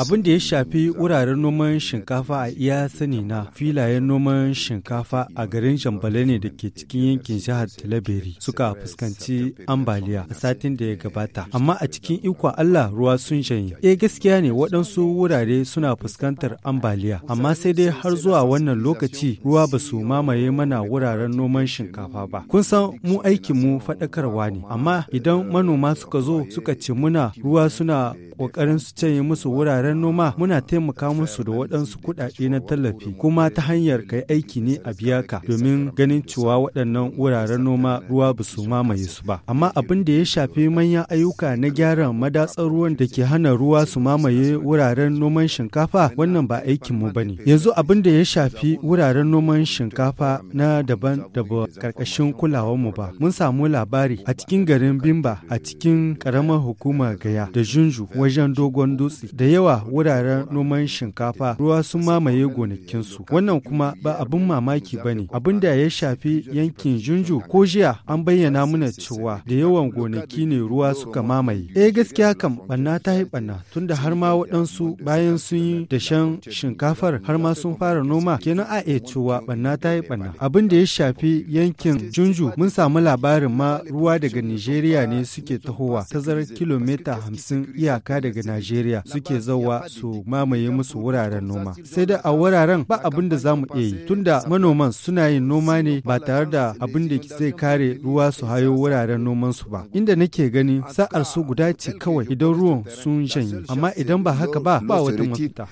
Abin da ya shafi wuraren noman shinkafa a iya sani na filayen noman shinkafa a garin Jambale ne da ke cikin yankin jihar Talabiri suka fuskanci ambaliya a satin da ya gabata. Amma a cikin ikon Allah ruwa sun janye. Eh gaskiya ne waɗansu wurare suna fuskantar ambaliya amma sai dai har zuwa wannan lokaci ruwa ba su mamaye mana wuraren noman shinkafa ba. Kun san mu aikinmu faɗakarwa ne amma idan manoma suka zo suka ce mun damuna ruwa suna ƙoƙarin su canye musu wuraren noma muna taimaka musu da waɗansu kuɗaɗe na tallafi kuma ta hanyar kai aiki ne a biyaka. domin ganin cewa waɗannan wuraren noma ruwa ba su mamaye su ba. Amma abin da ya shafi manyan ayyuka na gyaran madatsar ruwan da ke hana ruwa su mamaye wuraren noman shinkafa wannan ba aikinmu ba ne. Yanzu abin da ya shafi wuraren noman shinkafa na daban da ba ƙarƙashin mu ba. Mun samu labari a cikin garin Bimba a cikin karamar hukumar Gaya da Junju wajen dogon dutse da yawa wuraren noman shinkafa ruwa sun mamaye gonakinsu wannan kuma ba abin mamaki ba ne abin da ya shafi yankin junju ko jiya an bayyana mana cewa da yawan gonaki ne ruwa suka mamaye eh gaskiya kam banna ta yi banna tunda har ma waɗansu bayan sun yi dashen shinkafar har ma sun fara noma kenan a iya cewa banna ta yi banna abin da ya shafi yankin junju mun samu labarin ma ruwa daga nigeria ne suke tahowa tazarar kilomita hamsin iyaka daga Najeriya suke zauwa su mamaye musu wuraren noma. Sai da a wuraren ba abin da za mu iya yi tunda manoman suna yin noma ne ba tare da abin da zai kare ruwa su hayo wuraren nomansu ba. Inda nake gani sa'ar su guda ce kawai idan ruwan sun janye amma idan ba haka ba ba wata mafita.